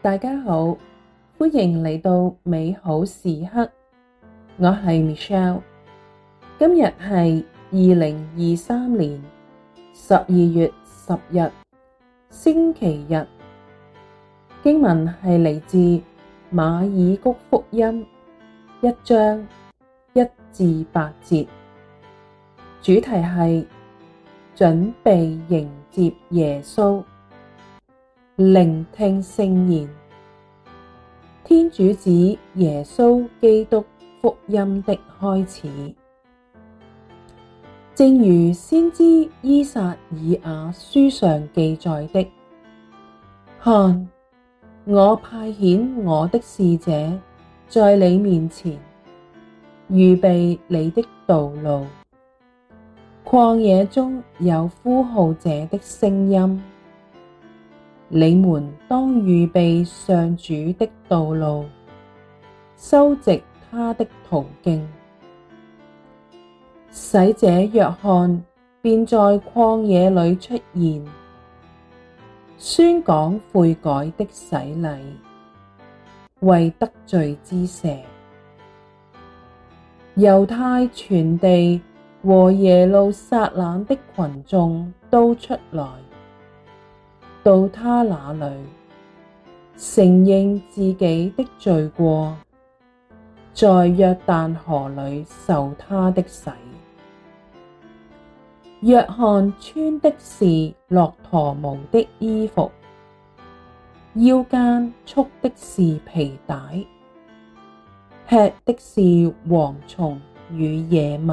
大家好，歡迎嚟到美好時刻，我係 Michelle。今日係二零二三年十二月十日，星期日。經文係嚟自馬爾谷福音一章一至八節，主題係準備迎接耶穌。聆聽聖言，天主子耶穌基督福音的開始，正如先知依撒意亞書上記載的：看，我派遣我的使者在你面前預備你的道路，曠野中有呼號者的聲音。你們當預備上主的道路，修直他的途徑，洗者若翰便在曠野裏出現，宣講悔改的洗禮，為得罪之赦。猶太全地和耶路撒冷的群眾都出來。到他那裏，承認自己的罪過，在約但河裏受他的洗。若翰穿的是駱駝毛的衣服，腰間束的是皮帶，吃的是蝗蟲與野蜜。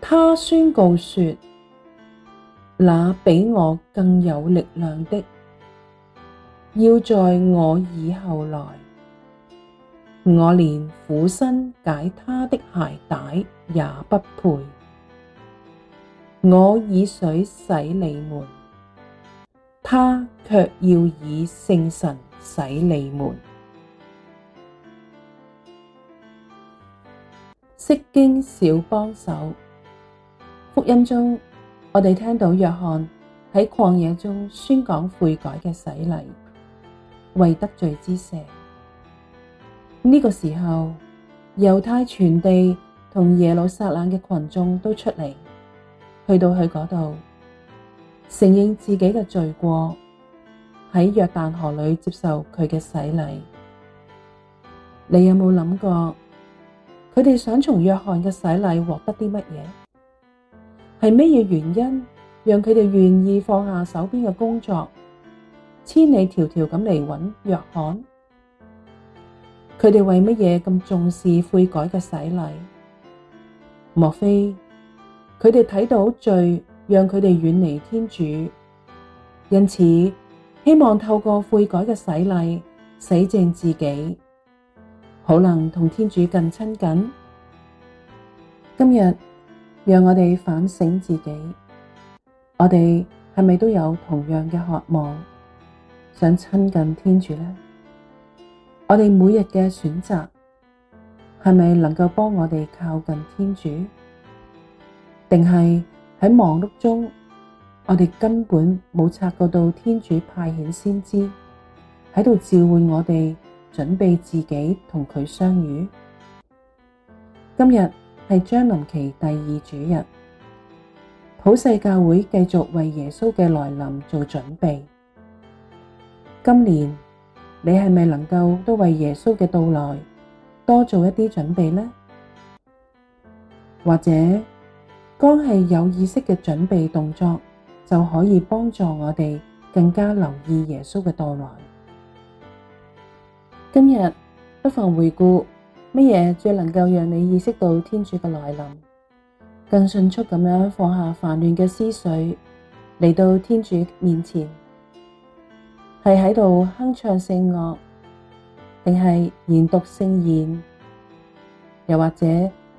他宣告說。那比我更有力量的，要在我以後來。我連俯身解他的鞋帶也不配。我以水洗你們，他却要以聖神洗你們。釋經小幫手，福音中。我哋聽到若翰喺曠野中宣講悔改嘅洗禮，為得罪之赦。呢、這個時候，猶太全地同耶路撒冷嘅群眾都出嚟，去到佢嗰度，承認自己嘅罪過，喺約但河裏接受佢嘅洗禮。你有冇諗過，佢哋想從若翰嘅洗禮獲得啲乜嘢？係乜嘢原因讓佢哋願意放下手邊嘅工作，千里迢迢咁嚟揾若翰？佢哋為乜嘢咁重視悔改嘅洗禮？莫非佢哋睇到罪，讓佢哋遠離天主，因此希望透過悔改嘅洗禮洗淨自己，可能同天主更親近？今日。讓我哋反省自己，我哋係咪都有同樣嘅渴望，想親近天主呢？我哋每日嘅選擇係咪能夠幫我哋靠近天主？定係喺忙碌中，我哋根本冇察覺到天主派遣先知喺度召喚我哋，準備自己同佢相遇？今日。係將臨期第二主日，普世教會繼續為耶穌嘅來臨做準備。今年你係咪能夠都為耶穌嘅到來多做一啲準備呢？或者光係有意識嘅準備動作，就可以幫助我哋更加留意耶穌嘅到來。今日不妨回顧。乜嘢最能夠讓你意識到天主嘅來臨，更迅速咁樣放下煩亂嘅思緒嚟到天主面前？係喺度哼唱聖樂，定係研讀聖言，又或者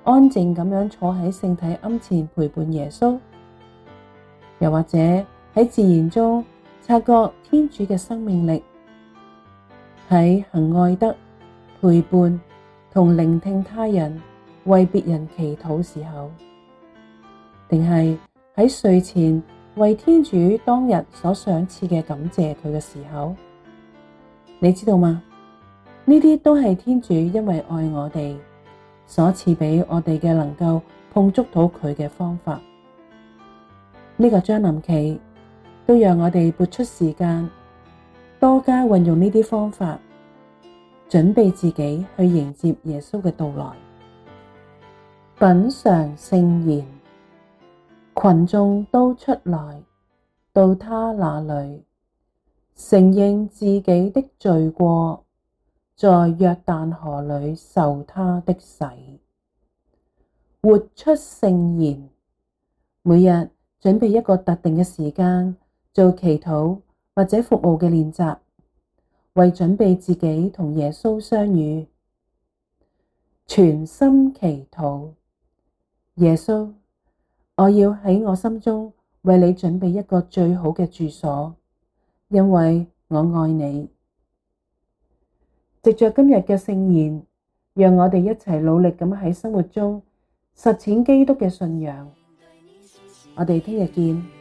安靜咁樣坐喺聖體龕前陪伴耶穌，又或者喺自然中察覺天主嘅生命力，喺行愛德陪伴，同聆聽他人為別人祈禱時候，定係喺睡前為天主當日所賞賜嘅感謝佢嘅時候，你知道嗎？呢啲都係天主因為愛我哋所賜俾我哋嘅能夠碰觸到佢嘅方法。呢、這個將臨期都讓我哋撥出時間，多加運用呢啲方法。準備自己去迎接耶穌嘅到來，品嘗聖言，群眾都出來到他那裏，承認自己的罪過，在約旦河裏受他的洗，活出聖言。每日準備一個特定嘅時間做祈禱或者服務嘅練習。為準備自己同耶穌相遇，全心祈禱。耶穌，我要喺我心中為你準備一個最好嘅住所，因為我愛你。藉着今日嘅聖言，讓我哋一齊努力咁喺生活中實踐基督嘅信仰。我哋聽日見。